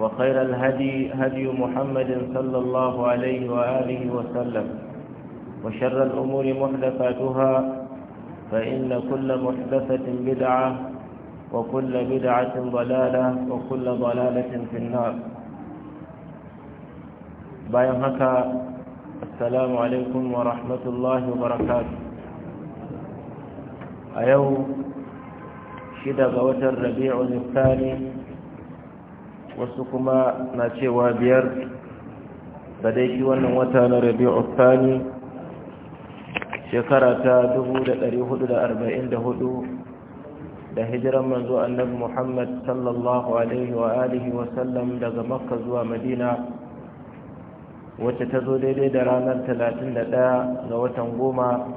وخير الهدي هدي محمد صلى الله عليه وآله وسلم وشر الأمور محدثاتها فإن كل محدثة بدعة وكل بدعة ضلالة وكل ضلالة في النار bayan هكا السلام عليكم ورحمة الله وبركاته barakatu a yau ربيع الثاني wasu kuma na cewa biyar da dai wannan wata na rabi'u thani shekara ta 1444 da hijiran manzo annabi Muhammad sallallahu alaihi wa alihi wa sallam daga Makka zuwa Madina wacce ta zo daidai da ranar 31 ga watan goma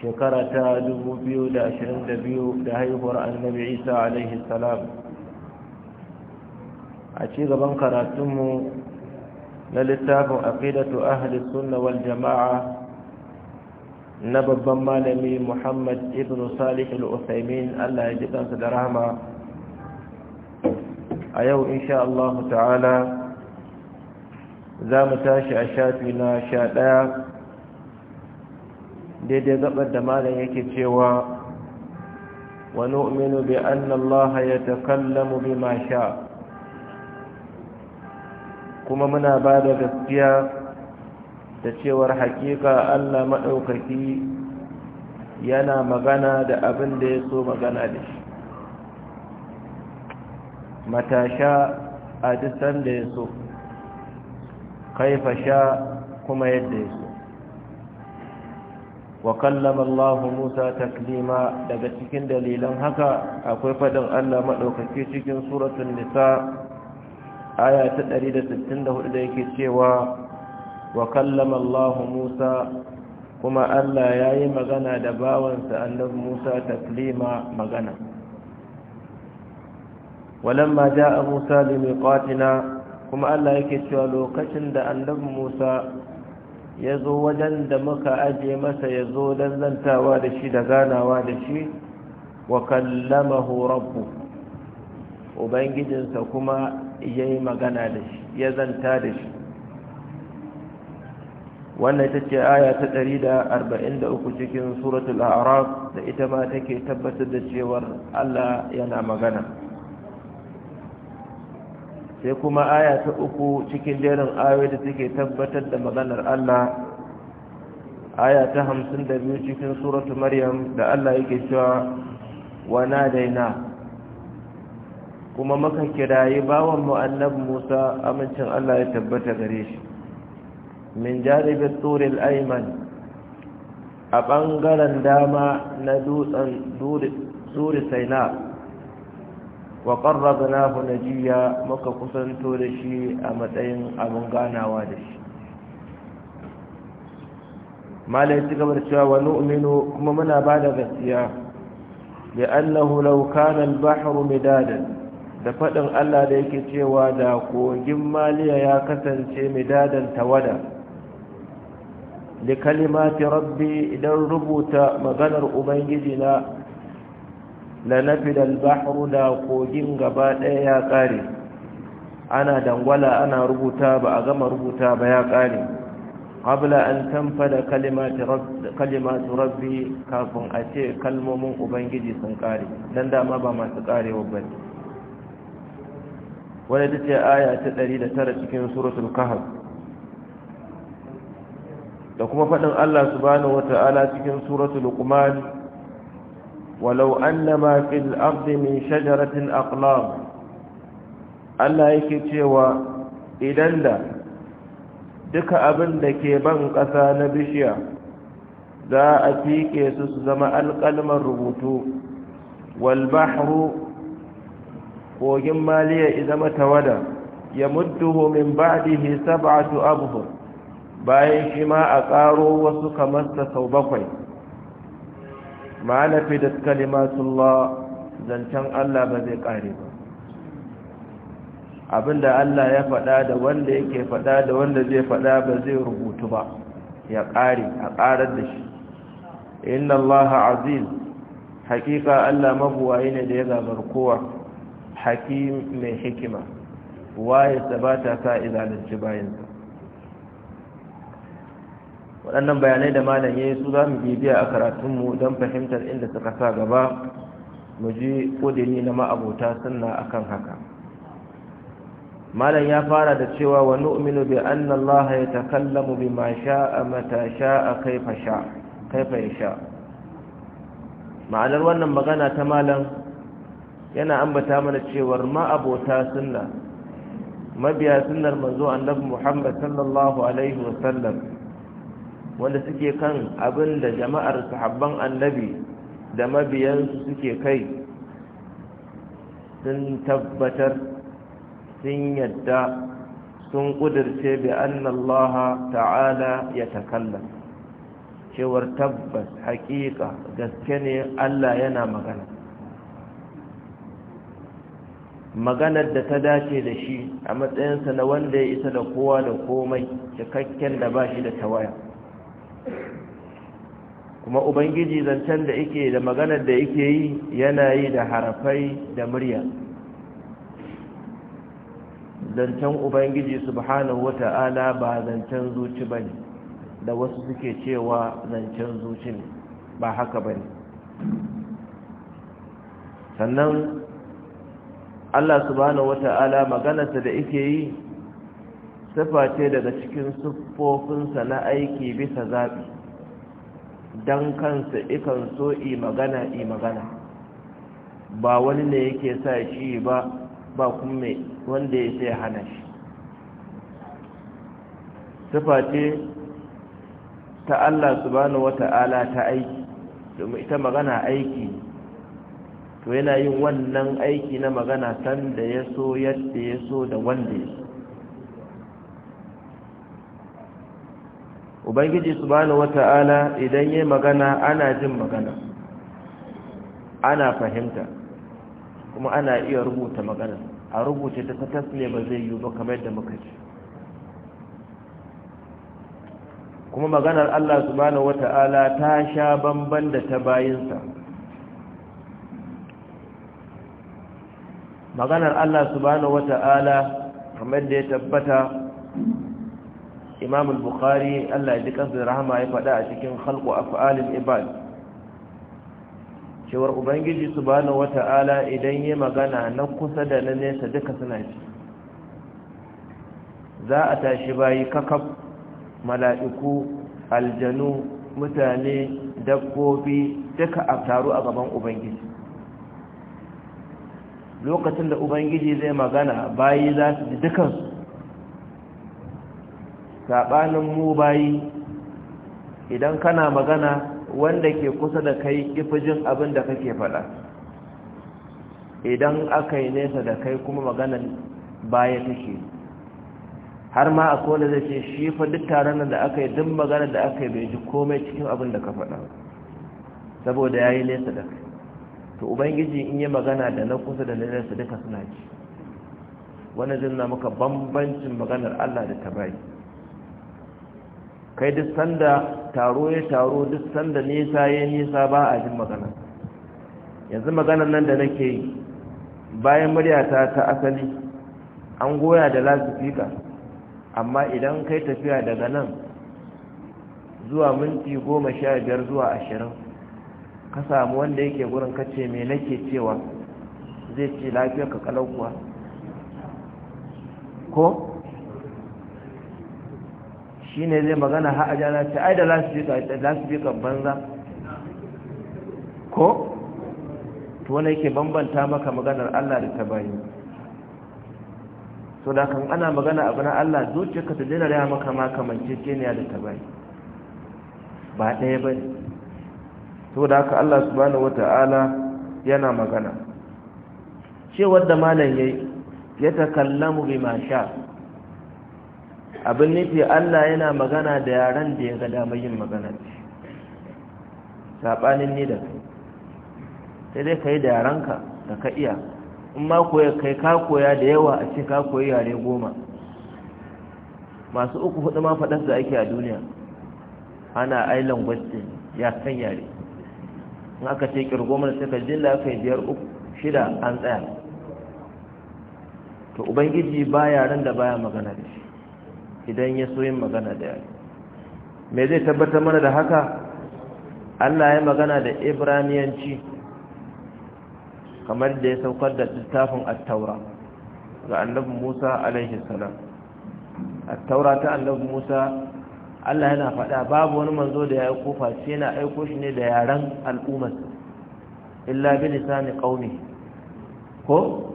shekara ta 2022 da haihuwar annabi Isa alaihi salam a ci gaban karatunmu na littafin aqidatu ahli sunna wal jama'a na babban malami Muhammad ibn Salih al-Utsaimin Allah ya ji kansa da rahama a yau insha Allah ta'ala za mu tashi a shafi na sha ɗaya daidai gabar da malam yake cewa wa nu'minu bi anna Allah yatakallamu bima sha'a kuma muna ba da gaskiya da cewar hakika Allah maɗaukaki yana magana da abin da ya so magana da shi matasha a dusan da ya so kaifasha kuma yadda ya so wa kallama Allah Musa taklima daga cikin dalilan haka akwai faɗin Allah maɗaukaki cikin suratun nisa aya ta 164 da yake cewa wa kallama Allah Musa kuma Allah ya yi magana da bawansa annabi Musa taklima magana walamma ja'a Musa limiqatina kuma Allah yake cewa lokacin da annabi Musa ya zo wajen da muka aje masa ya zo don zantawa da shi da ganawa da shi wa kallamahu rabbuhu ubangijinsa kuma ya yi magana da shi ya zanta da shi wannan ita ce aya ta 143 cikin suratul araf da ita ma take tabbatar da cewar allah yana magana sai kuma aya ta uku cikin jerin ayoyi da take tabbatar da maganar allah aya ta hamsin da biyu cikin suratul maryam da allah yake cewa wa na daina kuma maka kirayi bawan mu annabi Musa amincin Allah ya tabbata gare shi min jaribin turil ayman a ɓangaren dama na dutsen suri saina wa ƙarraba na najiya muka kusanto da shi a matsayin abin ganawa da shi malai ci gaba cewa wani umino kuma muna ba da gaskiya da annahu laukanan baharu midadan da faɗin Allah da yake cewa da kogin maliya ya kasance midadan tawada da kalimati rabbi idan rubuta maganar ubangiji na lanafidal bahru da kogin gaba ɗaya ya ƙare ana dangwala ana rubuta ba a gama rubuta ba ya ƙare habla an da kalimatu rabbi kafin a ce kalmomin ubangiji sun ƙare don dama ba masu ƙarewa bane wadda ta ce aya ta 109 cikin suratul kahf da kuma faɗin Allah subhanahu Ta'ala cikin suratul qumal walau annama fil ardi min shajaratin aqlam Allah yake cewa idan da duka abin da ke ban ƙasa na bishiya za a fike su su zama alƙalman rubutu wal bahru kogin maliya mata wada ya mudduhu min ba'dihi sab'atu abhur bayan shi ma a ƙaro wasu kamar ta sau bakwai ma'ana fi da kalimatullah zancen Allah ba zai ƙare ba abinda Allah ya faɗa da wanda yake faɗa da wanda zai faɗa ba zai rubutu ba ya ƙare a ƙarar da shi inna Allah aziz hakika Allah mabuwaye ne da ya zabar kowa hakim mai hikima waye sabata ka izalanci bayansa waɗannan bayanai da malam ya yi su za mu bibiya a karatunmu don fahimtar inda suka sa gaba mu ji ƙudiri na ma'abota sunna akan haka malam ya fara da cewa wa nu'minu bi anna Allah ya takallamu bi ma sha'a mata sha'a kaifa sha'a kaifa sha'a ma'anar wannan magana ta malam yana ambata mana cewar abota sunna mabiya sunnar manzo annabi Muhammad sallallahu alaihi wasallam wanda suke kan abin da jama'ar sahabban annabi da mabiyansu suke kai sun tabbatar sun yadda sun kudirce bi annallaha ta'ala ya takallam cewar tabbas haƙiƙa gaske ne Allah yana magana maganar da ta dace da shi a matsayinsa na wanda ya isa da kowa da komai cikakken da ba shi da tawaya kuma ubangiji zancen da ike da maganar da yake yi yana yi da harafai da murya zancen ubangiji subhanahu wata'ala ba zancen zuci ba ne da wasu suke cewa zancen zuci ne ba haka ba ne sannan Allah subhanahu wata'ala maganarsa da yake yi sifa ce daga cikin siffofinsa na aiki bisa zaɓi don kansa ikan so i magana i magana ba wani ne yake sa shi ba ba kuma wanda ya sai hana shi sifa ce ta Allah subhanahu wata'ala ta aiki domin ita magana aiki to yana yin wannan aiki na magana san da ya so yadda ya so da wanda ya so ubangiji subhanahu wata'ala idan yayi magana ana jin magana ana fahimta kuma ana iya rubuta magana a rubuce ta ne ba zai yi ba kamar yadda muka ce kuma maganar Allah subhanahu wata'ala ta sha bamban da ta bayinsa maganar Allah subhanahu wata'ala kamar da ya tabbata Imam bukhari Allah ya ji kansa rahama ya faɗa a cikin khalqu af'alil ibad cewar ubangiji subhanahu wata'ala idan ya magana na kusa da na nesa duka suna ci za a tashi bayi kakaf mala'iku aljanu mutane dabbobi duka a taru a gaban ubangiji lokacin da ubangiji zai magana bayi za su ji dukansu saɓanin mu bayi idan kana magana wanda ke kusa da kai jin abin da kake faɗa idan aka yi nesa da kai kuma magana baya take har ma a kowane zai ce shi fa duk taron da aka yi duk maganar da aka yi bai ji komai cikin abin da ka faɗa saboda ya yi nesa da kai to ubangiji in yi magana da na kusa da nesa duka suna ci. wani na muka bambancin maganar Allah da ta bai kai duk sanda taro ya taro duk sanda nesa ya nisa ba a jin magana yanzu maganar nan da nake yi bayan muryata ta asali an goya da lasifika amma idan kai tafiya daga nan zuwa minti goma sha biyar zuwa ashirin ka samu wanda yake gurin kace me nake cewa zai ce lafiyar ka kalau kuwa ko shi ne zai magana ha a jana ce ai da lasifika banza ko to wani yake bambanta maka maganar Allah da ta bayi so da kan ana magana abu na Allah zuciyarka ta dina raya maka ya da ta bayi ba ɗaya ba ne saboda haka Allah subhanahu wata'ala yana magana cewar da malam yayi ya takallamu ma sha abin nufi Allah yana magana da yaran da ya ga damar yin magana sabanin ni da kai sai dai ka yi da yaranka da ka iya in ma koya kai ka koya da yawa a ce ka koyi yare goma masu uku hudu ma faɗar da ake a duniya ana ai language ya san yare in aka ce kirgo suka sai ka jilla kai biyar uku shida an tsaya to ubangiji baya ran da baya magana da shi idan ya so yin magana da yare me zai tabbatar mana da haka Allah ya magana da Ibraniyanci kamar da ya saukar da littafin Attaura ga Annabi Musa alaihi salam Attaura ta Annabi Musa Allah yana faɗa babu wani manzo da ya yi kofa sai yana aiko shi ne da yaran al'ummar illa bi lisani qaumi ko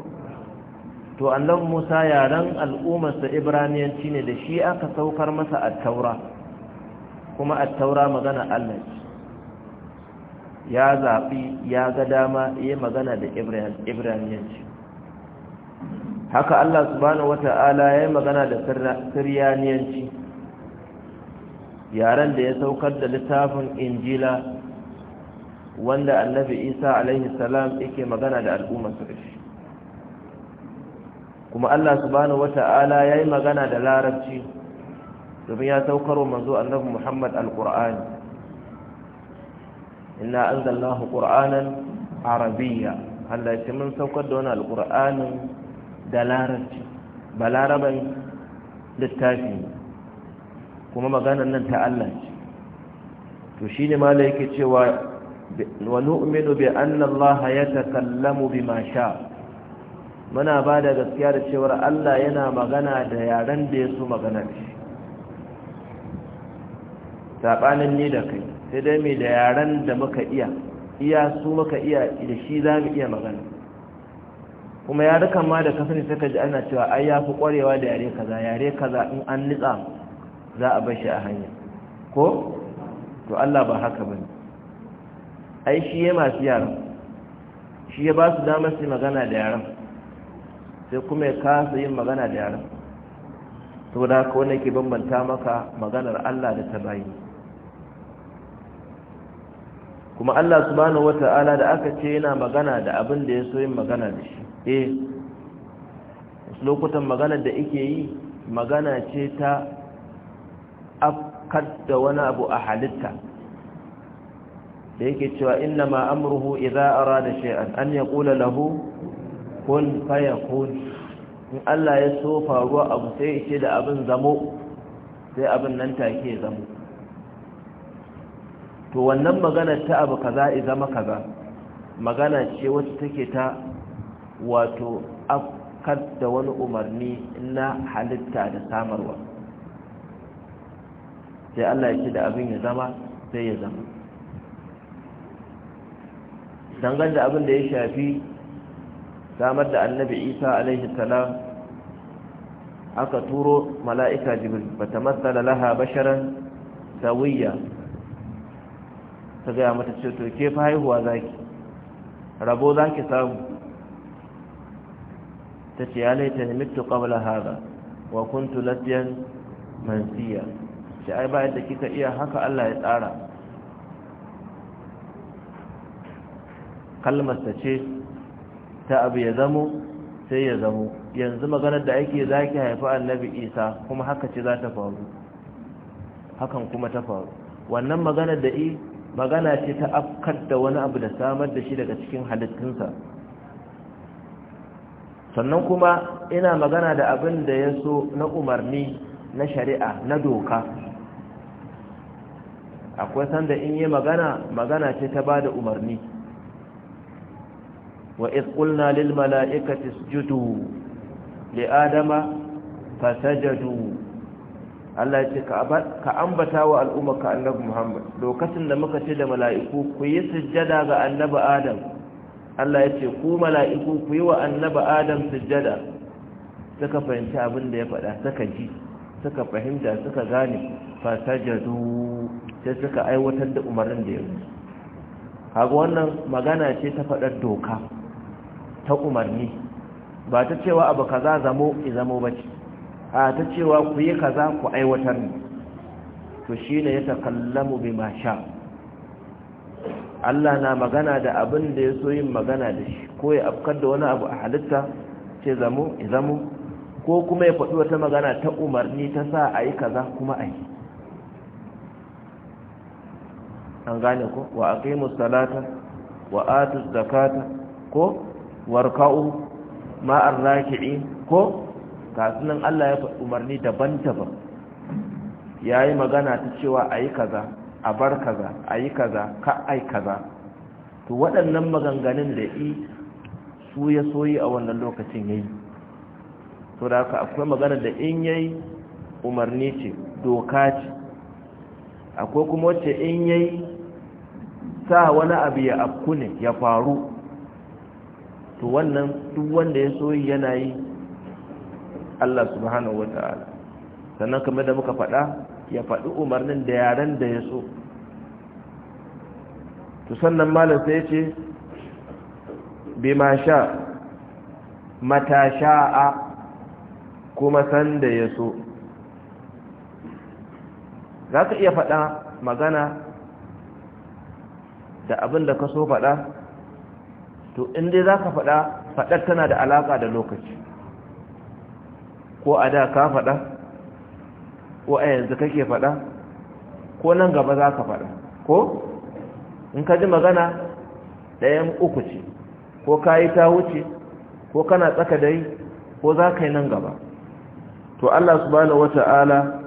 to annabi Musa yaren al'ummar sa Ibraniyanci ne da shi aka saukar masa at-Taura kuma at-Taura magana Allah ya zabi ya ga dama yayi magana da Ibraniyanci haka Allah subhanahu wata'ala yayi magana da Siriyaniyanci yaren da ya saukar da littafin injila wanda annabi isa alaihi salam yake magana da al'umma su shi kuma allah subhanahu wata'ala ya yi magana da larabci domin ya saukar wa manzo annabi muhammad al-qur'ani inna anzalnahu qur'anan arabiyya allah mun saukar da wani al-qur'anin da larabci ba laraban littafi kuma maganar nan ta Allah ce to shi ne mala yake cewa wa nu'minu bi anna Allah ya takallamu bima sha muna ba da gaskiya da cewar Allah yana magana da yaren da ya so magana shi sabanin ni da kai sai dai mai da yaran da muka iya iya su muka iya da shi za mu iya magana kuma ya yarukan ma da kasani suka ji ana cewa ai ya fi kwarewa da yare kaza yare kaza in an nitsa mu za a bashi a hanya ko to Allah ba haka bane ai shi ya masu yaran shi ya ba su damar su magana da yaran sai kuma ya kasa yin magana da yaran to da haka wanda ke bambanta maka maganar Allah da ta bayi kuma Allah subhanahu wata'ala da aka ce yana magana da abin da ya so yin magana da shi eh lokutan magana da yake yi magana ce ta afkar da wani abu a halitta da yake cewa inna ma amruhu idza arada shay'an an yaqula lahu kun fayakun in Allah ya so faruwa abu sai ya ce da abin zamo sai abin nan take zamo to wannan magana ta abu kaza iza zama kaza magana ce wacce take ta wato afkar da wani umarni na halitta da samarwa sai Allah ya ce da abin ya zama sai ya zama dangar da abin da ya shafi samar da annabi isa alaihi salam aka turo mala'ika ba ta matsala laha basharan sawiyya ta gaya mata ce to ke fa haihuwa zaki rabo zaki samu ta ce ya laita ne mitu qabla wa kuntu lasiyan mansiya ce ai bayan da kika iya haka Allah ya tsara ta ce ta abu ya zamo sai ya zamo yanzu maganar da ake za ki haifi annabi isa kuma haka ce za ta faru hakan kuma ta faru wannan maganar da i magana ce ta afkar da wani abu da samar da shi daga cikin halittunsa sannan kuma ina magana da abin da ya so na umarni na shari'a na doka akwai sanda in yi magana magana ce ta bada umarni wa iskulna lil mala'ikati sujudu li adama fasajadu Allah ya ce ka ambata wa al'umma ka annabi Muhammad lokacin da muka ce da mala'iku ku yi sujjada ga annabi Adam Allah ya ce ku mala'iku ku yi wa annabi Adam sujjada suka fahimci abin da ya faɗa suka ji suka fahimta suka gane fasajadu sai suka aiwatar da umarnin da ya yi haka wannan magana ce ta faɗar doka ta umarni ba ta cewa abu kaza zamo i zamo ba ce a ta cewa ku yi kaza ku aiwatar ne to shi ne ya bi ma sha Allah na magana da abin da ya so yin magana da shi ko ya afkar da wani abu a halitta ce zamo i zamo ko kuma ya faɗi wata magana ta umarni ta sa a yi kaza kuma a yi an gane ko wa aqimus salata wa atuz zakata ko warka'u ma'ar raki'i ko kasunan Allah ya faɗi umarni daban-daban ya magana ta cewa a kaza a bar kaza a yi kaza ka ai kaza to waɗannan maganganun da yi su ya soyi a wannan lokacin yayi yi to da aka akwai magana da in yayi umarni ce doka ce akwai kuma wacce in yayi sa wani abu ya afku ne ya faru to wannan duk wanda ya soyi yana yi Allah subhanahu wata'ala sannan kamar da muka faɗa ya faɗi umarnin da yaren da ya so to sannan malam sai ce ma sha matasha'a kuma san da ya so za ka iya faɗa magana da abin da ka so faɗa to in dai za ka faɗa faɗar tana da alaƙa da lokaci ko a da ka faɗa ko a yanzu kake faɗa ko nan gaba za ka faɗa ko in ka ji magana ɗayan uku ce ko ka yi ta wuce ko kana tsaka dai yi ko za ka yi nan gaba to Allah subhanahu wata'ala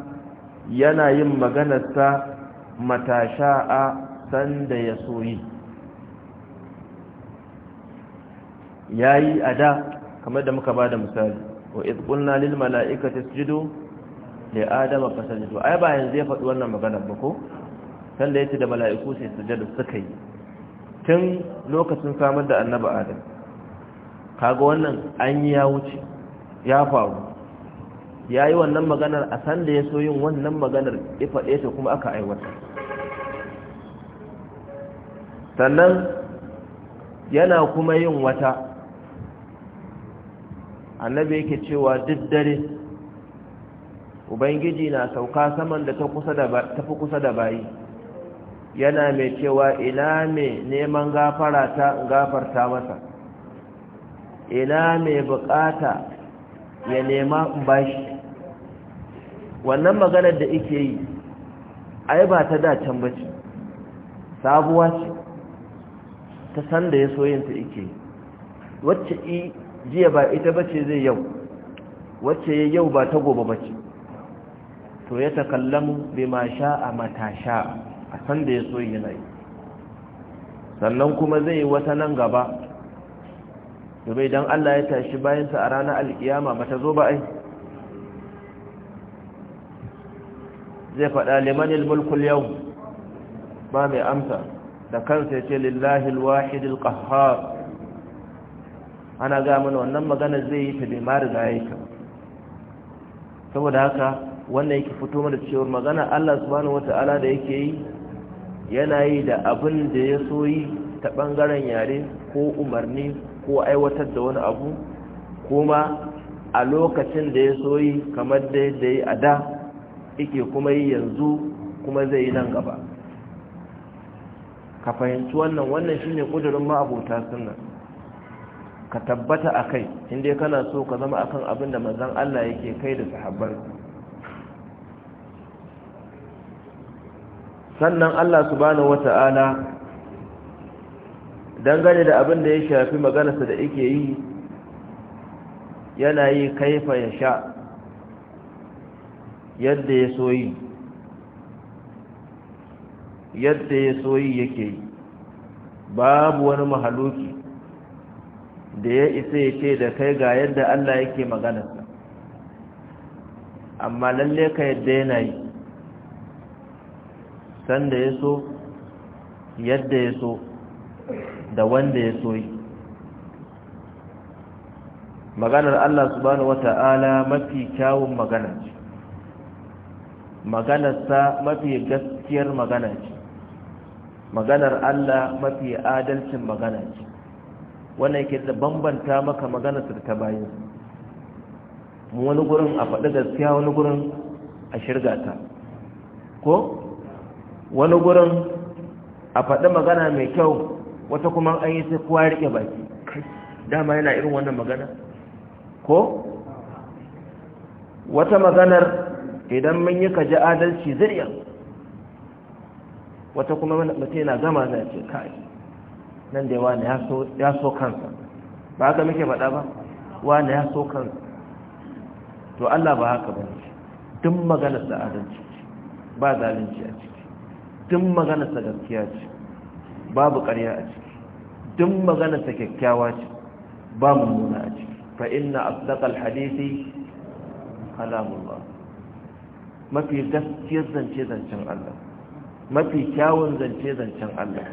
yana yin maganarsa matasha'a sanda ya soyi ya yi a da kamar da muka ba da misali wa izkulna lil mala'ikati isjudu li adama fasajudu ai ba yanzu ya faɗi wannan magana ba ko sanda yace da mala'iku sai sujada suka yi tun lokacin samar da annabi adam kaga wannan an yi ya wuce ya faru ya yi wannan maganar a sanda ya so yin wannan maganar ya ɗaya ta kuma aka aiwatar sannan yana kuma yin wata annabi yake cewa duk dare ubangiji na sauka saman da ta fi kusa da bayi yana mai cewa ina mai neman gafara ta gafarta masa ina mai bukata ya nema in bashi wannan maganar da ike yi ai ba ta dacen ce. sabuwa ce ta sanda ya soyin ta ike wacce i jiya ba ita bace zai yau wacce ya yau ba ta gobe bace to ya ta bima bai ma sha a da ya soyi yi sannan kuma zai yi wata nan gaba domin idan Allah ya tashi bayansa a ranar alkiyama ba ta zo ba ai zai faɗa limanin mulkul yau ba mai amsa da kansa ya ce lillahi alwahidil qahhar ana ga mana wannan magana zai yi ta bai ma riga yake saboda haka wannan yake fito mana cewa magana Allah subhanahu wata'ala da yake yi yana yi da abin da ya so yi ta bangaren yare ko umarni ko aiwatar da wani abu kuma a lokacin da ya so yi kamar da yadda yi a da yake kuma yi yanzu kuma zai yi nan gaba ka fahimci wannan wannan shine kudurin ma'abota sunna ka tabbata a kai inda kana so ka zama akan abin da manzan Allah yake kai da sahabbar sannan Allah su subhanahu wata'ala dangane da abin da ya shafi maganarsa da yake yi yana yi kaifa ya sha yadda ya so yi yadda ya soyi yake yi babu wani mahaluki da ya isa ya ce da kai ga yadda Allah yake maganarsa amma lalle ka yadda yana yi sanda ya so yadda ya so da wanda ya soyi maganar Allah subhanahu wata'ala mafi kyawun magana ce maganarsa mafi gaskiyar magana ce maganar Allah mafi adalcin magana ce wannan yake da bambanta maka magana su ta bayan mu wani gurin a faɗi gaskiya wani gurin a shirga ta? ko wani gurin a faɗi magana mai kyau wata kuma an yi sai kowa rike baki dama yana irin wannan magana ko wata maganar idan mun yi kaji adalci zuriya wata kuma mace yana gama za ce kai nan da wani ya so kansa ba haka muke faɗa ba wani ya so kansa to Allah ba haka ba ne duk maganar da ce, ba zalunci a ciki duk maganar sa gaskiya ce babu ƙarya a ciki duk maganar sa kyakkyawa ce ba mummuna a ciki fa inna asdaqal hadisi kalamullah mafi gaskiyar zance zancen Allah mafi kyawun zance zancen Allah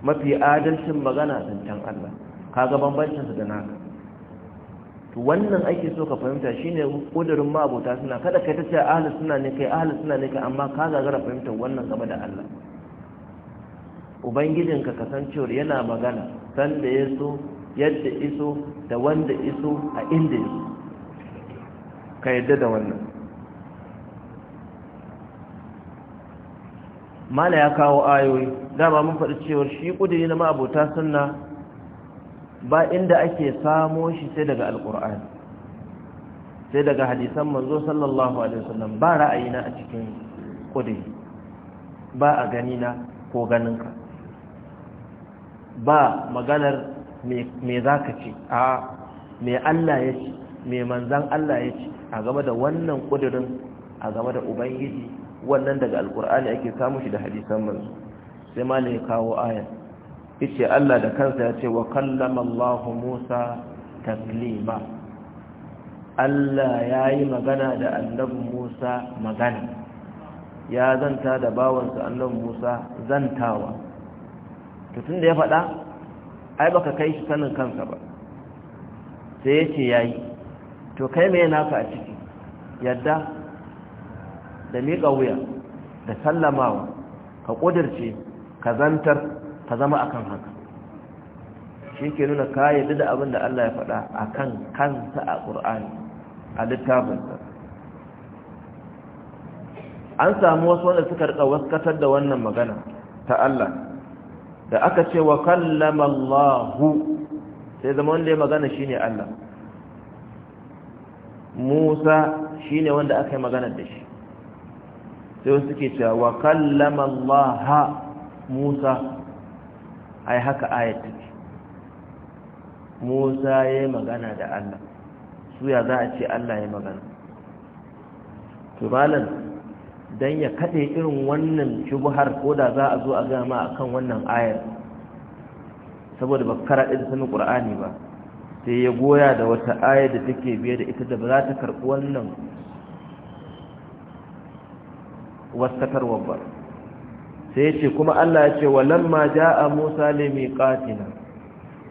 mafi adalcin magana zancen Allah kaga bambancin su da naka to wannan ake so ka fahimta shine kudurin ma abota suna kada kai tace ahli suna ne kai ahli suna ne kai amma ka gagara fahimtar wannan game da Allah Ubangijin ka kasancewar yana magana sanda da yaso yadda iso da wanda iso a inda yaso ka yadda da wannan mala ya kawo ayoyi dama mun faɗi cewar shi ƙudiri na ma'abota sunna ba inda ake samo shi sai daga alƙur'ani sai daga hadisan manzo sallallahu alaihi wasallam ba ra'ayina a cikin ƙudiri ba a ganina ko ganinka ba maganar me za ka ce a me Allah ya ce me manzan Allah ya ce a game da wannan ƙudurin a game da ubangiji wannan daga alkur'ani ake samu shi da hadisan manzo sai ma ya kawo aya yace Allah da kansa ya ce wa kallama Allah Musa taklima Allah yayi magana da annabi Musa magana ya zanta da bawansa annabi Musa zantawa to tunda ya faɗa ai baka kai shi sanin kansa ba sai yace yayi to kai me naka a ciki yadda da miƙa wuya da sallamawa ka ƙudirce ka zantar ka zama akan haka shi ke nuna ka yadda da abin da Allah ya faɗa a kan kansa a ƙur'ani a littafinsa an samu wasu wanda suka riƙa waskatar da wannan magana ta Allah da aka ce wa kallama Allahu sai zama wanda ya magana shi ne Allah Musa shi ne wanda aka yi magana da shi sai wasu suke cewa wa kallama Allah Musa ai haka ayat Musa ya yi magana da Allah su ya za a ce Allah ya magana to malam dan ya kade irin wannan shubhar ko da za a zo a gama akan wannan ayar saboda ba karaɗe da sanin Qur'ani ba sai ya goya da wata ayar da take biye da ita da ba za ta karɓi wannan wasatarwa ba sai ce kuma Allah ya ce walamma jaa Musa miqatina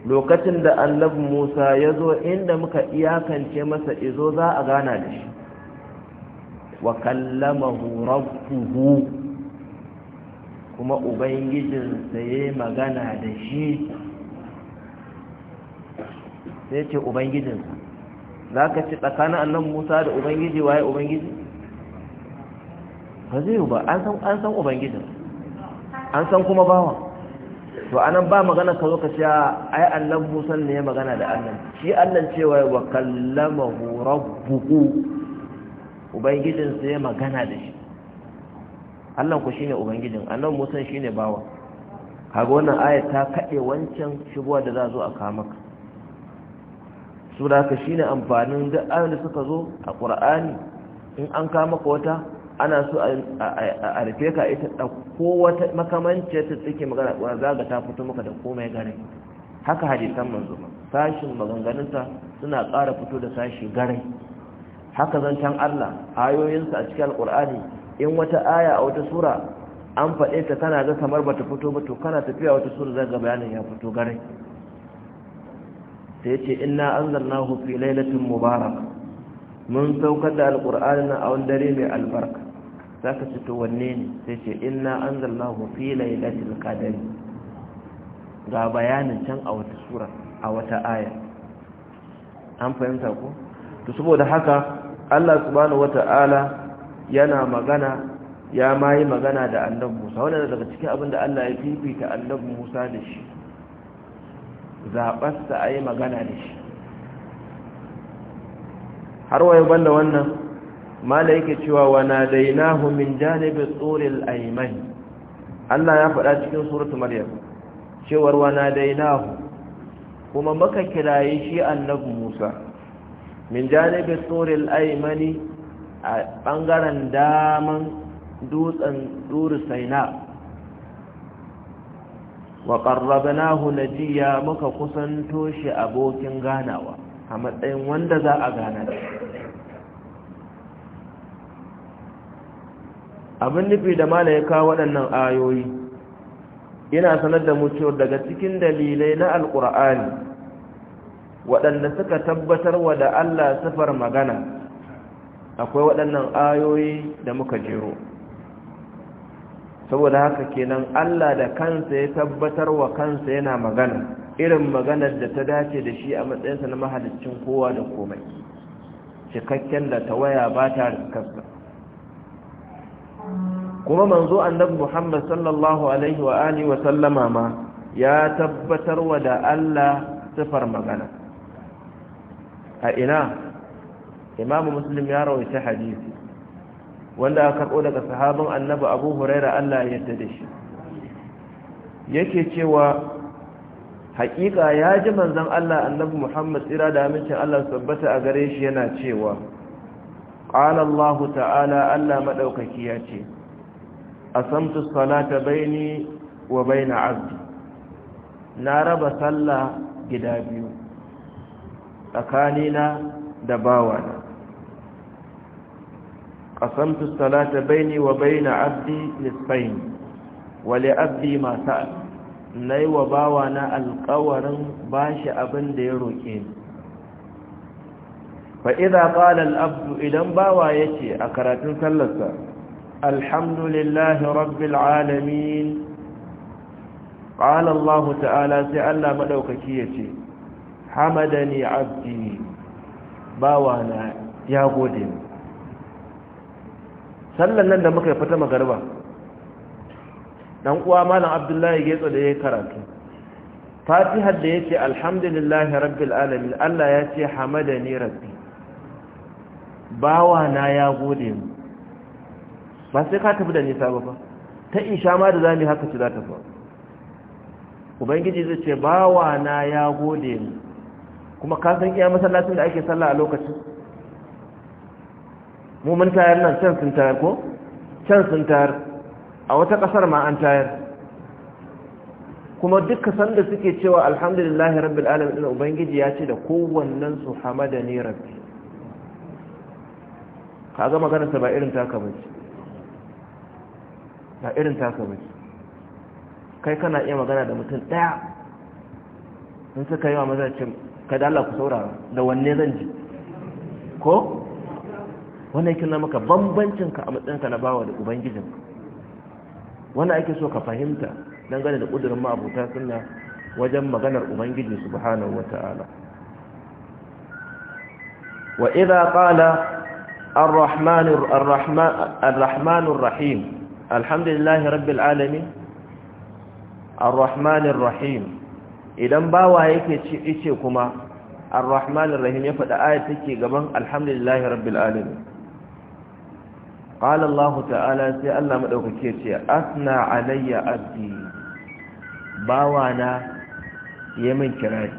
lokacin da Allah Musa ya zo inda muka iyakance masa izo za a gana da shi wa kallamahu rabbuhu kuma ubangijinsa ya magana da shi sai ce ubangijinsa za ka ci tsakanin annan musa da ubangiji waye ubangiji ba zai yi ba an san ubangijin an san kuma bawa to anan ba magana ka zo ka ce ai Allah musan ne magana da Allah shi annan cewa wa kallamahu rabbuhu ubangijin sai ya magana da shi Allah ku shine ubangijin annan musan shine bawa kaga wannan aya ta kade wancan shigowa da za zo a kama ka su da ka shine amfanin da ayoyin suka zo a Qur'ani in an kama ka wata ana so a rufe ka ita ɗauko wata makamancin ta tsike magana ƙura za ga ta fito maka da komai gare haka hadisan manzo sashin maganganunsa suna ƙara fito da sashi gare haka zancen Allah ayoyinsa a cikin alƙur'ani in wata aya a wata sura an faɗe ta kana ga kamar ta fito ba to kana tafiya wata sura za ga bayanin ya fito gare sai ce inna zarnahu fi lailatin mubarak mun saukar da alƙur'ani na a wani dare mai albarka za ka to wanne ne sai ce inna an zallahu fi lailatul qadari ga bayanin can a wata sura a wata aya an fahimta ko to saboda haka Allah subhanahu wata'ala yana magana ya ma yi magana da annabi Musa wannan daga cikin abin da Allah ya fifita annabi Musa da shi zaɓarsa a yi magana da shi har wayo banda wannan mala yake cewa wa nadainahu min janibi tsuril ayman Allah ya faɗa cikin suratul maryam cewa wa nadainahu kuma muka kiraye shi annabi Musa min janibi tsuril aymani a bangaren daman dutsen duru saina wa qarrabnahu najiya muka kusanto shi abokin ganawa a matsayin wanda za a gana da abin nufi da mala ya kawo waɗannan ayoyi yana sanar da mu daga cikin dalilai na alƙur'ani waɗanda suka tabbatar wa da Allah sifar magana akwai waɗannan ayoyi da muka jero saboda haka kenan Allah da kansa ya tabbatar wa kansa yana magana irin maganar da ta dace da shi a matsayinsa na mahalicin kowa da komai cikakken da tawaya ba ta riskarsa kuma manzo annabi Muhammad sallallahu alaihi wa alihi wa sallama ma ya tabbatar wa da Allah sifar magana a ina imamu muslim ya rawaita hadisi wanda aka karɓo daga sahabin annabi abu huraira allah ya yarda da shi yake cewa haƙiƙa ya ji manzan allah annabi muhammad tsira da amincin allah sabbata a gare shi yana cewa ƙalallahu ta'ala allah maɗaukaki ya ce asamtu salata baini wa baina abdi na raba sallah gida biyu tsakanina da bawana asamtu salata baini wa baina abdi nisfain wa li abdi ma sa'al nay wa bawana alqawarin bashi abin da ya roke ni fa idza qala al abdu idan bawa yace a karatun sallarsa الحمد لله رب العالمين قال الله تعالى سألنا مدوككيتي حمدني عبدي باوانا يا غودين sallan nan da muka yi fata magarba dan uwa malam abdullahi getsa da ya yi karatu fatihar da yace alhamdulillahi rabbi alamin Allah ya yace hamadani rabbi na ya gode mu ba sai ka tafi da nisa ba fa ta insha ma da zami haka ci za ta fa ubangiji zai ce bawa na ya gode ni kuma ka san iya masallacin da ake sallah a lokacin mu mun tayar nan can sun tayar ko can sun tayar a wata kasar ma an tayar kuma duka sanda suke cewa alhamdulillahi rabbil alamin ubangiji ya ce da kowannen su hamada ne rabbi kaga maganar ta ba irin taka bace ba irin taka bace kai kana iya magana da mutum ɗaya in suka yi wa maza ka da Allah ku saurara da wanne zan ji ko wannan yake na maka ka a matsayinka na bawa da ubangijinka wannan ake so ka fahimta dangane da ƙudurin ma'abuta suna wajen maganar ubangiji subhanahu wata'ala wa idza qala ar-rahmanur rahim الحمد لله رب العالمين الرحمن الرحيم idan bawa yake ci ice kuma ar-rahmanir ya faɗa ayat take gaban alhamdulillahi rabbil alamin qala allah ta'ala sai allah madaukake ce asna alayya abdi bawana yayi min kirari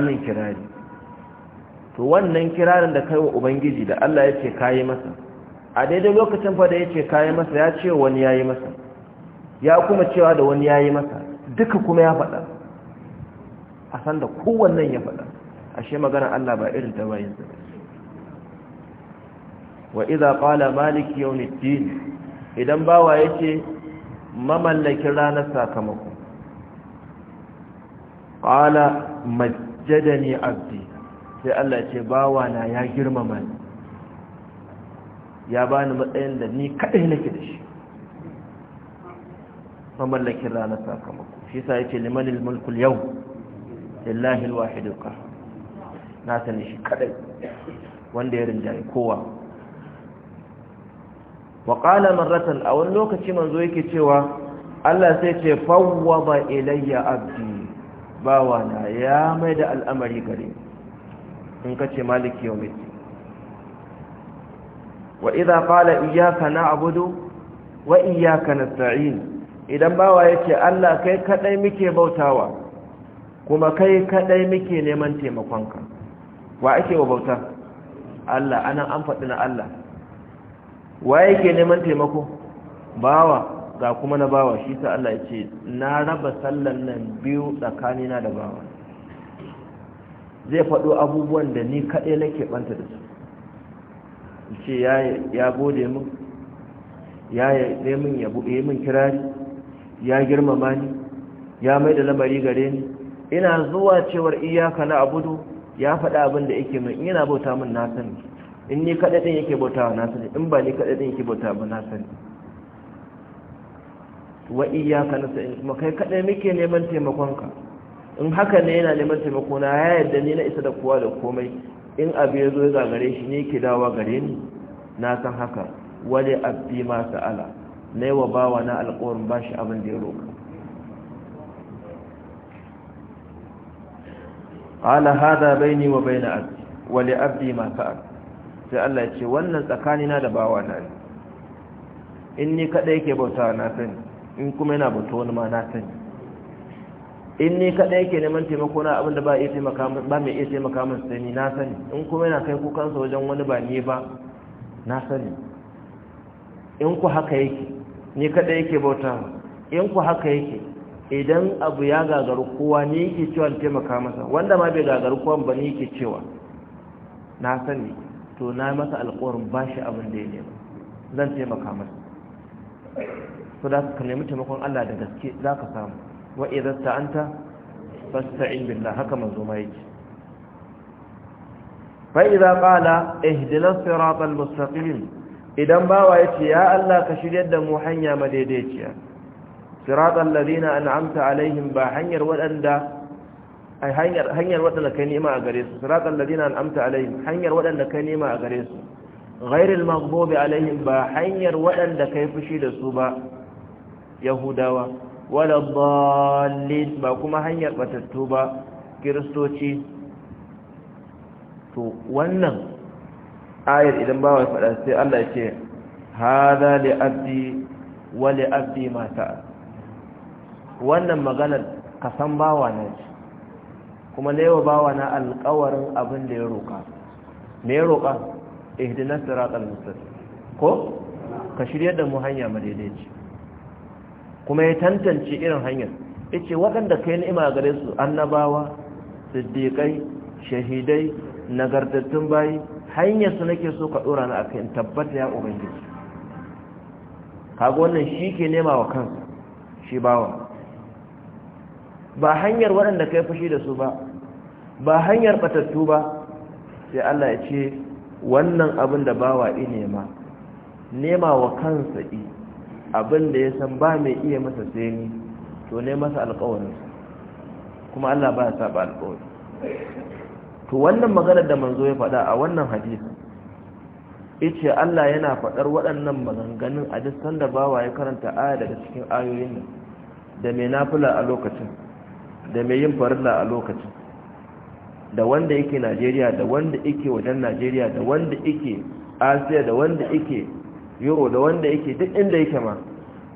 min kirari to wannan kirarin da kai wa ubangiji da allah yake kai masa a daidai lokacin fa da yace kai masa ya ce wani ya yi masa ya kuma cewa da wani ya yi masa duka kuma ya faɗa a san da kowannen ya faɗa ashe maganar Allah ba irin ta bayan sa wa iza qala maliki yau yawmiddin idan bawa ce mamallakin ranar sakamako majjada ne abdi sai Allah ce bawa na ya girmama ya bani matsayin da ni kadai nake da shi mamallakin ranar sakamako shi sa yace limanil mulkul yau lillahi alwahid alqahar na sani shi kadai wanda ya rinjaye kowa wa qala marratan a wani lokaci manzo yake cewa Allah sai ce fawwaba ilayya abdi bawana ya mai da al'amari gare in kace maliki yawmid وإذا قال wa iyaka na sa'in idan bawa yake Allah kai kadai muke bautawa kuma kai kadai muke neman taimakonka wa ake wa bauta Allah anan an faɗi na Allah wa yake neman taimako bawa ga kuma na bawa shi ta Allah ce na raba sallan nan biyu tsakanina da bawa zai faɗo abubuwan da ni kadai nake banta da su ce ya gode mun, ya yi mun ya buɗe mun kirari ya girmama ni ya mai da lamari gare ni ina zuwa cewar iyaka na abudu ya faɗa abin da yake min yana bauta mun na sani in ni kaɗaɗin yake bauta wa na sani in ba ni kaɗaɗin yake bauta mun na sani wa iyaka na sani kuma kai kaɗai muke neman taimakonka in haka ne yana neman taimako na ya yarda ni na isa da kowa da komai in abu ya zo ga gare shi ne ke dawa gare ni na san haka wale abdi ma sa'ala na yi wa bawa na alkawarin ba shi abin da ya roƙa ala hada ni wa bai na abdi wale abdi ma sa'ala sai Allah ce wannan tsakanina da bawa na ne in ni kadai yake bauta na sani in kuma yana bauta wani ma na sani in ni kaɗai yake neman taimako na abin da ba mai iya taimaka min Sani na sani in kuma yana kai kukansa wajen wani ba ni ba na sani in ku haka yake ni kaɗai yake bauta in ku haka yake idan abu ya gagaru kowa ni yake cewa taimaka masa wanda ma bai gagaru kowa ba ni yake cewa na sani to na masa alkawarin ba shi abin da ya nema zan taimaka masa to da ka nemi taimakon Allah da gaske za ka samu wa idan sta'anta fasta'in billah haka manzo ma yake fa idza qala ihdinas siratal mustaqim idan bawa yace ya Allah ka shiryar da mu hanya madaidaiciya siratal ladina an'amta alaihim ba hanyar wadanda ai hanyar hanyar wadanda kai nima a gare su siratal ladina an'amta alaihim hanyar wadanda kai nema a gare su ghairil maghdubi alaihim ba hanyar wadanda kai fushi da su ba yahudawa wala dallin ba kuma hanyar batattu ba kiristoci to wannan ayar idan ba wa faɗa sai Allah ya ce hada li abdi wa li abdi ma wannan maganar ka san bawa na ce kuma na bawa na alƙawarin abin da ya roƙa me ya roƙa ihdinas siratal mustaqim ko ka shirya da mu hanya madaidaici kuma ya tantance irin hanyar ice waɗanda kai ni'ima gare su annabawa siddiƙai shahidai nagartattun bayi hanyar su nake so ka ɗora aka yin tabbata ya ubangiji kaga wannan shi ke nema wa kansa shi bawa ba hanyar waɗanda kai fushi da su ba ba hanyar batattu ba sai Allah ya ce wannan abin da bawa i nema nema wa kansa abin da ya san ba mai iya masa sai ni to ne masa alƙawarin kuma Allah ba ya saba alƙawari to wannan maganar da manzo ya faɗa a wannan hadisi yace Allah yana faɗar waɗannan maganganun a duk sanda bawa ya karanta aya daga cikin ayoyin nan da mai nafila a lokacin da mai yin farilla a lokacin da wanda yake Najeriya da wanda yake wajen Najeriya da wanda yake Asiya da wanda yake euro da wanda yake duk inda yake ma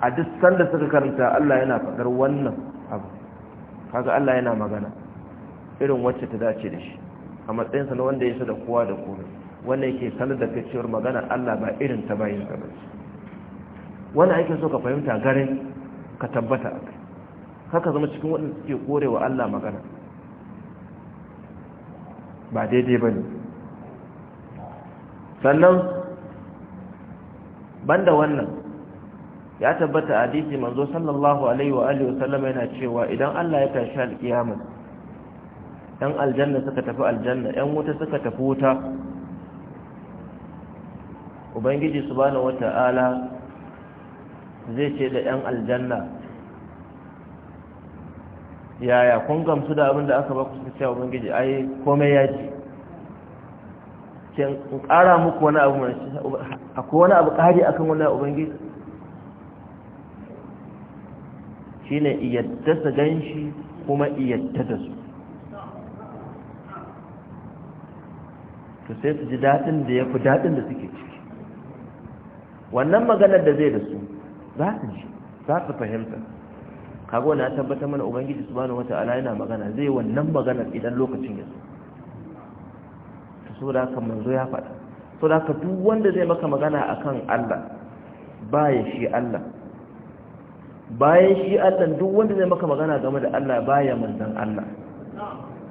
a duk sanda suka karanta Allah yana faɗar wannan abu kaga Allah yana magana irin wacce ta dace da shi a matsayinsa na wanda ya da kowa da kowa wanda yake sanar da cewar magana Allah ba irin ta bayin sa ba wanda ake so ka fahimta garin ka tabbata a kai haka zama cikin waɗanda suke kore wa Allah magana ba daidai ba ne sannan banda wannan ya tabbata hadisi manzo sallallahu alaihi wa alihi wasallam yana cewa idan Allah ya tashi alkiyama dan aljanna suka tafi aljanna ɗan wuta suka tafi wuta ubangiji subhanahu wata'ala zai ce da ɗan aljanna yaya kun gamsu da abin da aka ba ku suka cewa ubangiji ai komai ya ce can in ƙara muku wani abu mai akwai wani abu ƙari akan wani ubangiji shi ne iyadda su gan shi kuma iyadda da su to sai su ji daɗin da ya fi daɗin da suke ciki wannan maganar da zai da su za su ji za su fahimta kago na tabbatar mana ubangiji subhanahu wata'ala yana magana zai wannan maganar idan lokacin ya zo saboda haka manzo ya faɗa saboda haka duk wanda zai maka magana akan Allah baya shi Allah bayan shi Allah duk wanda zai maka magana game da Allah baya manzon Allah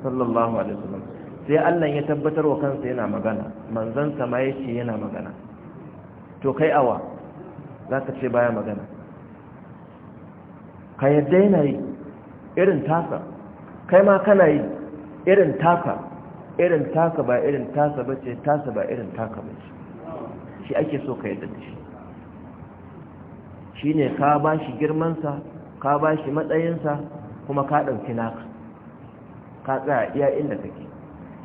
sallallahu alaihi wasallam sai Allah ya tabbatar wa kansa yana magana manzon sa ma yace yana magana to kai awa zaka ce baya magana ka yadda yana yi irin taka kai ma kana yi irin taka irin taka ba irin tasa ba ce tasa ba irin taka ba ce shi ake so ka yadda da shi shi ne ka ba shi girmansa ka ba shi matsayinsa kuma ka ɗauki naka ka tsaya iya inda take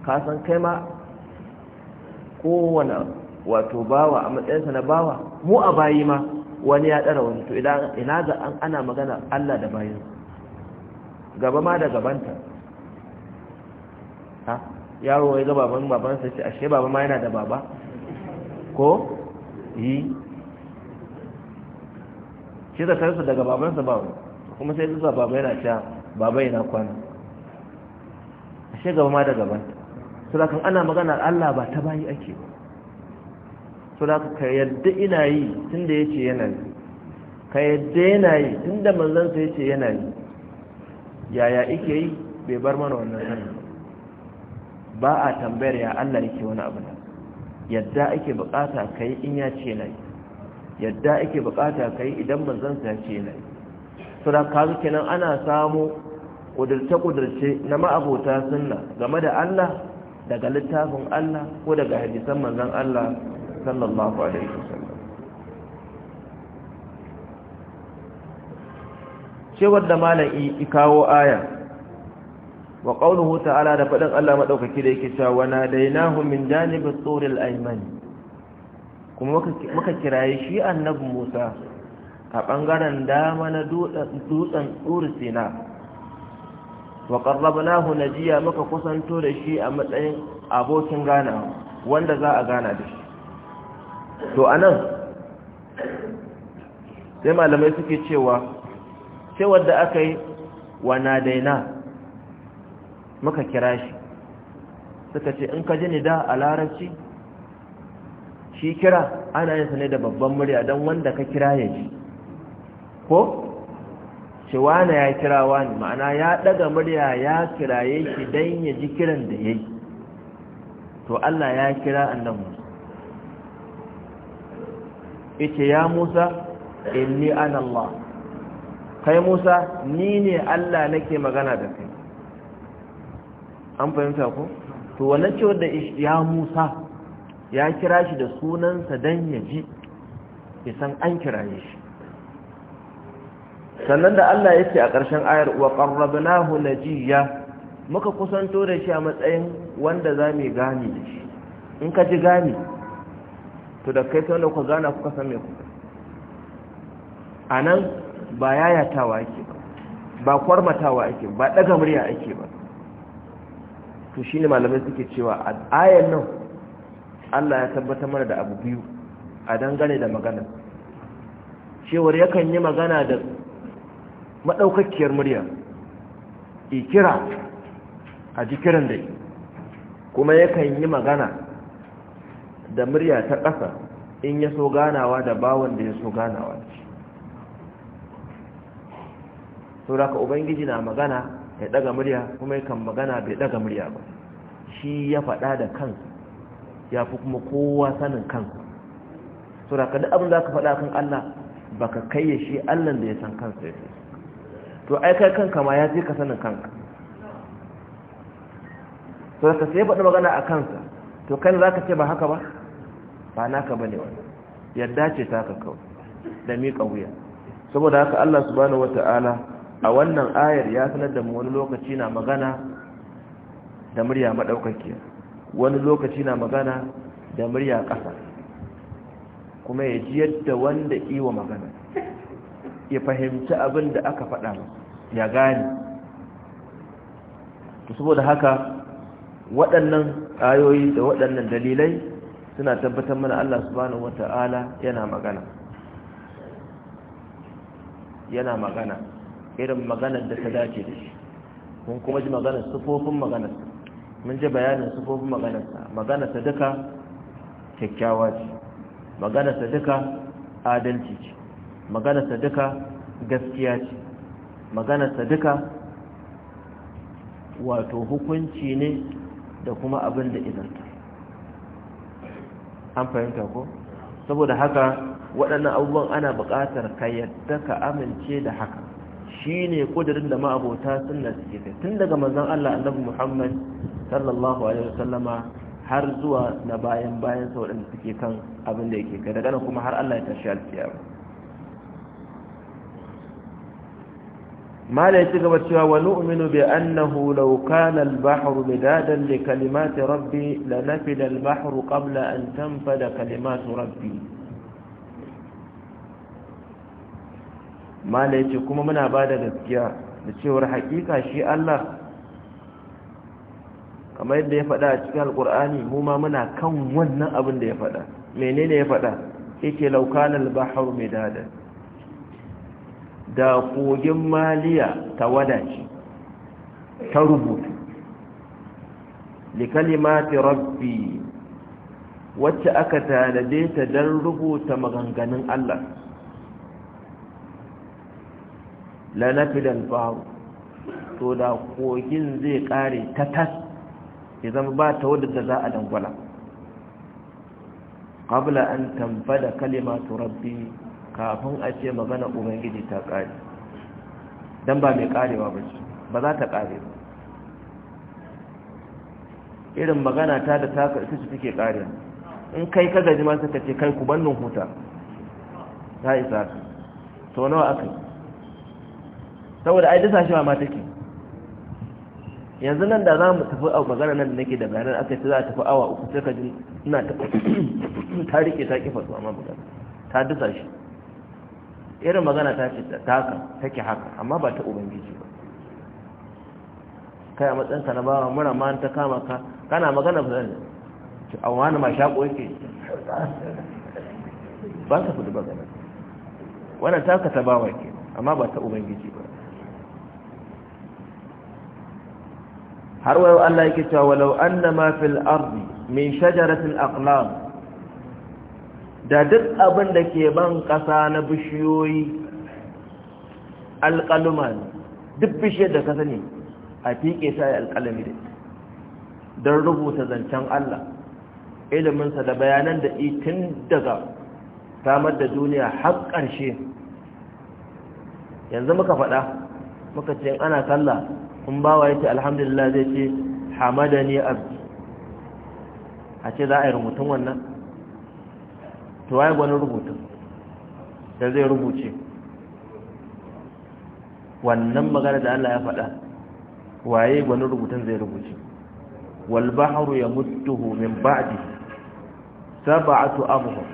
ka san kai ma kowane wato bawa a matsayinsa na bawa mu a bayi ma wani ya ɗara wani to ina ga an ana magana Allah da bayin gaba ma da gabanta ha yaro ya ga baban babansa ce ashe baba ma yana da baba ko yi shi da tarsa daga babansa ba wani kuma sai zuwa baba yana cewa baba yana kwana ashe gaba ma da gaban sulakan ana magana Allah ba ta bayi ake sulakan ka yadda ina yi tun da ya ce yana yi ka yadda yana yi tun da manzansa ya ce yana yi yaya ike yi bai bar mana wannan sanin ba a tambayar ya Allah yake wani abu nan yadda ake bukata kai in ya ce nayi yadda ake bukata kai idan manzon sa ce nayi sura kazu kenan ana samu kudurce kudurce na ma'abota sunna game da Allah daga littafin Allah ko daga hadisan manzon Allah sallallahu alaihi wasallam cewar da malai ikawo aya wa qawluhu ta'ala da faɗin Allah madaukaki da yake cewa wa nadainahu min janibi at al-ayman kuma muka kiraye shi annabi Musa a bangaren dama na dutsen tsuri Sina wa qarrabnahu najiya muka kusanto da shi a matsayin abokin gana wanda za a gana da shi to anan sai malamai suke cewa cewar da aka yi wa daina. muka kira shi suka ce in ka ji nida a larabci shi kira ana yin ne da babban murya don wanda ka kira ya ji ko ce wane ya kira wani ma'ana ya daga murya ya kiraye shi don ya ji kiran da ya yi to Allah ya kira annan musa ita ya musa inni an Allah kai musa ni ne Allah nake magana da kai an fahimta ko to wannan ce da ya musa ya kira shi da sunansa don ya ji isan an kiraye shi sannan da Allah ya ce a ƙarshen ayar wa na najiya muka kusanto da shi a matsayin wanda za mu gani da shi in ka ji gani to da kai sanar ku gana kuka san mai kuka a nan ba yayatawa ake ba ba kwarmatawa ake ba ɗaga murya ake ba to shine malamai suke cewa a ayan nan Allah ya tabbatar mana da abu biyu a dangane da magana cewar yakan yi magana da maɗaukakkiyar murya ikira a jikiran da kuma yakan yi magana da murya ta ƙasa in ya so ganawa da bawan da ya so ganawa da shi sauraka ubangiji na magana ya daga murya kuma yakan magana bai daga murya ba shi ya faɗa da kansa ya fi kuma kowa sanin kansa so da kada abin za ka faɗa kan Allah baka ya shi Allah da ya san kansa ya to ai kai kanka ma ya je ka sanin kanka da ka sai faɗi magana a kansa to kan za ka ce ba haka ba ba naka bane wani yadda ce ta ka kawai da miƙa wuya saboda haka Allah subhanahu wata'ala a wannan ayar ya sanar da mu wani lokaci na magana da murya madaukakiya wani lokaci na magana da murya ƙasa kuma ya ji yadda wanda iwa magana ya fahimci abin da aka faɗa ya gane saboda haka waɗannan ayoyi da waɗannan dalilai suna tabbatar mana Allah subhanahu wata'ala yana magana yana magana irin maganar da ta dace da shi mun kuma ji maganar sufofin maganarsa. mun ji bayanin sufofin maganarsa maganarsa duka kyakkyawa ce maganarsa duka adalci ce maganarsa duka gaskiya ce maganarsa duka wato hukunci ne da kuma abin da izanta an fahimta ko saboda haka waɗannan abubuwan ana buƙatar ka yadda ka amince da haka shi ne ƙudurin da ma'abota suna suke kai tun daga mazan Allah annabi Muhammad sallallahu alaihi wasallama har zuwa na bayan bayan waɗanda suke kan abin da yake kai daga nan kuma har Allah ya tashi alkiyama mala ya ci gaba cewa wani nu'minu bai annahu law kana al-bahru midadan li kalimati rabbi lanafida al-bahru kabla an da kalimatu rabbi mala yace kuma muna ba da gaskiya da cewar hakika shi Allah kamar yadda ya faɗa a cikin alkur'ani mu ma muna kan wannan abin da ya faɗa menene ya faɗa yake laukanar bahar medada da kogin maliya ta wadace ta rubutu kalimati rabbi wacce aka tanade ta don rubuta maganganun Allah la nafidal bahu to da kogin zai kare ta tas ya zama ba ta wadda da za a dangwala qabla an tanfada kalimatu rabbi kafin a ce magana ubangiji ta kare dan ba mai karewa ba ba za ta kare ba irin magana ta da ta karfi su take kare in kai ka gaji ma suka ce kai ku bannin huta ta isa sau nawa aka yi saboda ai dasa shi ma take yanzu nan da za mu tafi a magana nan da nake da bayanan aka ce za a tafi awa uku sai ka ji ina ta ta rike ta kifa su amma magana ta dasa shi irin magana ta ce ta haka take haka amma ba ta ubangiji ba kai a matsayin ka na bawa mura ma ta kama ka kana magana ba zan ci a wani ma shaƙo yake ba ka fudu ba gana wannan ta ka ta bawa ke amma ba ta ubangiji ba har wayo Allah yake cewa walau annama fil ardi min shajaratil aqlam da duk abin da ke ban kasa na bishiyoyi alqaluma duk bishiyar da ka sani a fike ta alqalami da don rubuta zancen Allah iliminsa da bayanan da itin daga samar da duniya har karshe. yanzu muka fada muka ce ana sallah in bawa ya ce alhamdulillah zai ce hamadani abdi a ce za a yi rubutun wannan to waye gwanin rubutun da zai rubuce wannan magana da Allah ya faɗa waye gwanin rubutun zai rubuce wal bahru yamudduhu min ba'di sab'atu abhur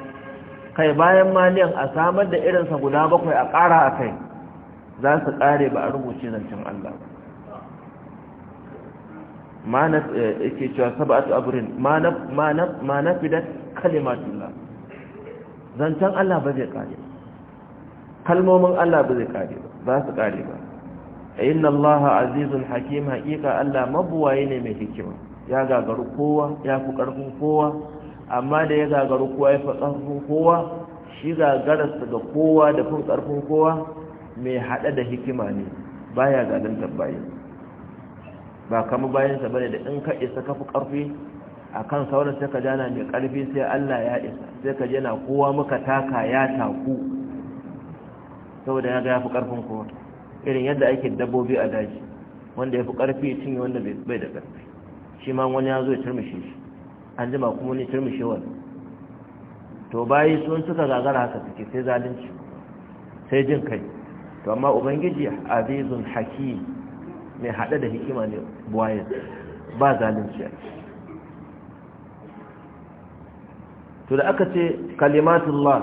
kai bayan maliyan a samar da irinsa guda bakwai a ƙara a kai za su ƙare ba a rubuce zancen Allah ba ma na yake cewa sab'atu zancen Allah ba zai kare kalmomin Allah ba zai kare ba za su kare ba inna Allah azizun hakim haqiqa Allah mabuwaye ne mai hikima ya gagaru kowa ya fi karfin kowa amma da ya gagaru kowa ya fi karfin kowa shi su ga kowa da fi karfin kowa mai hada da hikima ne baya galantar tabbayin ba kama bayansa bane da in ka isa kafi karfi a kan sauran sai ka jana mai karfi sai Allah ya isa sai ka jana kowa muka taka ya taku saboda ya ga ya fi karfin kowa irin yadda ake dabbobi a daji wanda ya fi karfi ya cinye wanda bai da karfi shi ma wani ya zo ya turmushe shi an jima kuma ne turmushe wani to bayi sun suka gagara haka suke sai zalunci sai jin kai to amma ubangiji azizun hakim mai haɗe da hikima ne buwayen ba zalunci a to da aka ce kalimatullah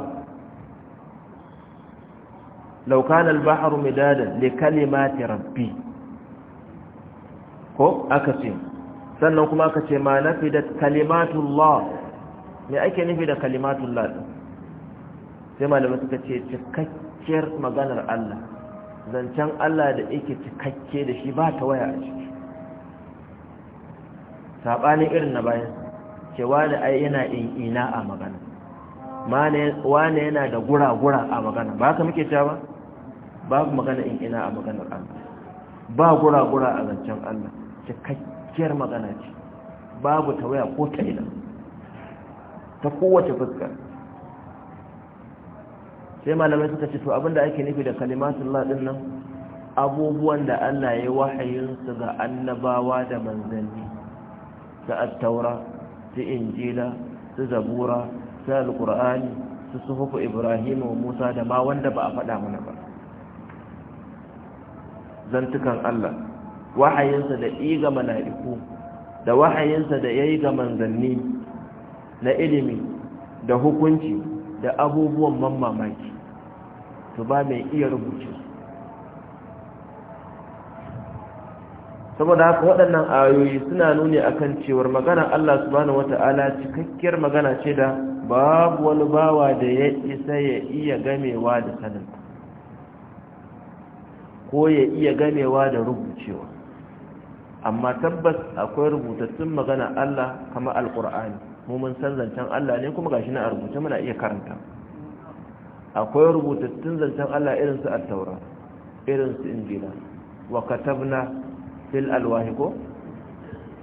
laukan albaharu mai dada da kalimati rabbi ko aka ce sannan kuma aka ce ma nafi da kalimatullah mai ake nufi da kalimatullah sai malamai suka ce cikakkiyar maganar Allah zancen Allah da yake cikakke da shi ba ta waya a ciki saɓanin irin na bayan cewa da ai yana ina a magana wane yana da gura-gura a magana ba ka muke cewa babu magana ina a maganar Allah ba gura-gura a zancen Allah cikakkiyar magana ce babu ta waya ko ta ina ta kowace fuskar sai malamai suka ce to abinda ake nufi da kalimatun din nan abubuwan da Allah ya wahayin su ga annabawa da manzanni ta at-taura ta injila ta zabura ta alqur'ani ta suhufu ibrahim wa musa da ma wanda ba a faɗa mana ba zantukan Allah wahayinsa da iga mala'iku da wahayinsa da yayi ga manzanni na ilimi da hukunci da abubuwan mamamaki to ba mai iya rubuce saboda haka waɗannan ayoyi suna nuni akan cewar magana Allah subhanahu wata'ala cikakkiyar magana ce da babu wani bawa da ya isa ya iya gamewa da sanin ko ya iya gamewa da rubucewa amma tabbas akwai rubutattun magana Allah kama alƙur'ani mu mun san zancen Allah ne kuma gashi na a rubuce muna iya karanta akwai rubutattun zancen Allah irinsu a taura irinsu injila wa katabna fil alwahi ko?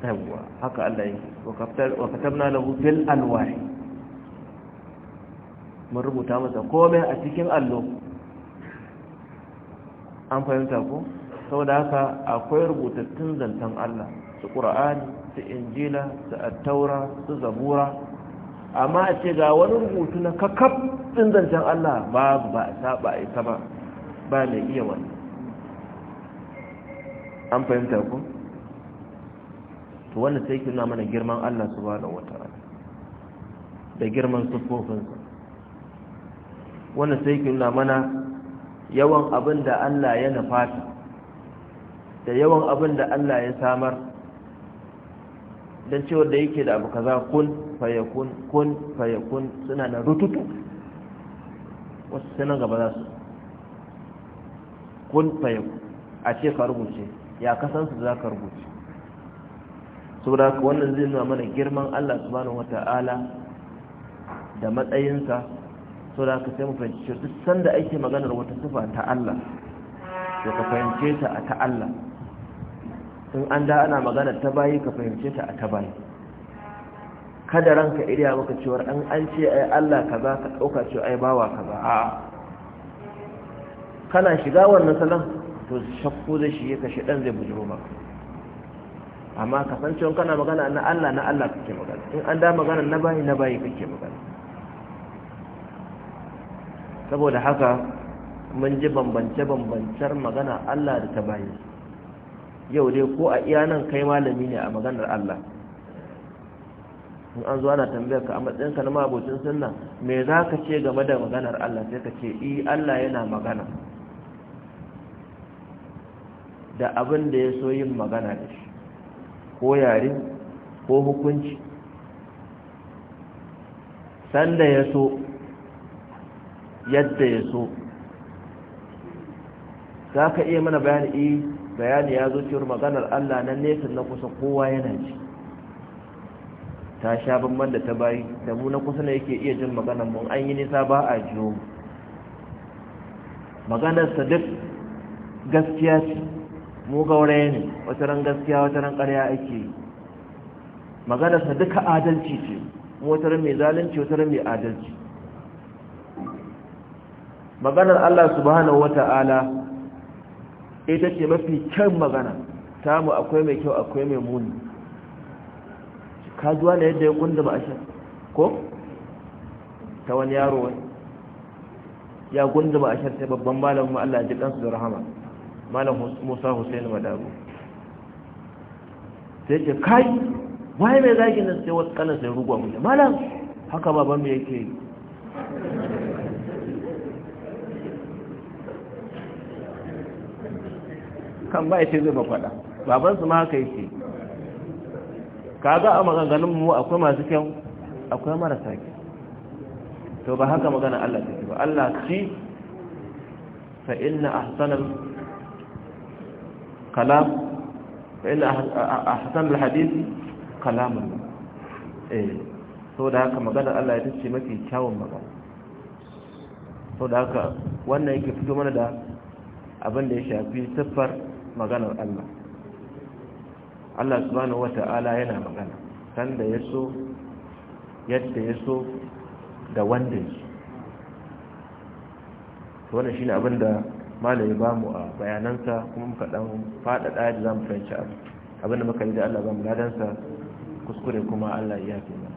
yawwa haka Allah yi wa katabna lahu fil alwahi mun rubuta masa komai a cikin allo an fahimta ko? saboda haka akwai rubutattun zancen Allah su ƙura'ani su injila su al-taura, su zabura amma a ce ga wani rubutu na kakaf ɗin zancen Allah babu ba a saba ita ba ba mai iya wani an fahimta ku to wannan sai kina mana girman Allah subhanahu wata'ala da girman sufofinsa wannan sai kina mana yawan abin da Allah ya nufata da yawan abin da Allah ya samar don cewar da yake da abu kaza kun fayakun kun fayakun suna na rututu wasu suna gaba za su kun fayakun a ce ka rubuce ya kasansu za ka rubuce saboda haka wannan zai nuna mana girman Allah subhanahu ta'ala da matsayinsa saboda haka sai mu fahimci duk sanda ake maganar wata sifa ta Allah to ka fahimce ta a ta Allah in an da ana magana ta bayi ka fahimce ta a ta bayi kada ranka iriya maka cewar an an ce ai Allah kaza ka dauka cewa ai bawa kaza a kana shiga wannan salon to shakku zai shige ka shi dan zai bujuro maka amma ka san cewa kana magana na Allah na Allah kake magana in an da magana na bayi na bayi kake magana saboda haka mun ji bambance-bambancen magana Allah da ta bayi yau dai ko a iya nan kai malami ne a maganar Allah in an zo ana tambayar ka a matsayin ka na mabocin sunna me za ka ce game da maganar Allah sai ka ce i eh, Allah yana magana da abin da ya so yin magana da shi ko yare ko hukunci sanda ya so yadda ya so za ka iya mana bayani eh, bayani ya zo cewar maganar Allah nan nesa na kusa kowa yana ji ta sha banban da ta bayi da mu na kusa ne yake iya jin maganar mun an yi nisa ba a jiyo maganar sa duk gaskiya ce mu gauraye ne wata ran gaskiya wata ran ƙarya ake yi maganar sa duka adalci ce mu wata ran mai zalunci wata ran mai adalci maganar Allah subhanahu wata'ala ita ce mafi kyan magana mu akwai mai kyau akwai mai muni kajuwa na yadda ya kunda ba a ko ta wani yaro wani ya gunda ba a sha sai babban malamin Allah ji su da rahama malam Musa Hussein Madabu sai ce kai wai mai zagin nan sai wasu kanan sai rugu mu malam haka baban mu yake yi kan ba ya ce zai ba babansu ma haka yake kaga a maganganun mu akwai masu kyau akwai marasa kyau to ba haka magana Allah take ba Allah ci fa inna ahsanal kalam fa inna ahsanal hadith kalamun eh so da haka magana Allah ya tace mafi kyawun magana so da haka wannan yake fito mana da abin da ya shafi siffar maganar Allah Allah subhanahu wata'ala yana magana sanda ya so yadda ya so da wanda ya so wannan shine abin da malami ba mu a bayanansa kuma muka dan faɗaɗa da za mu fahimci abin da muka yi da Allah ba mu ladansa kuskure kuma Allah ya fi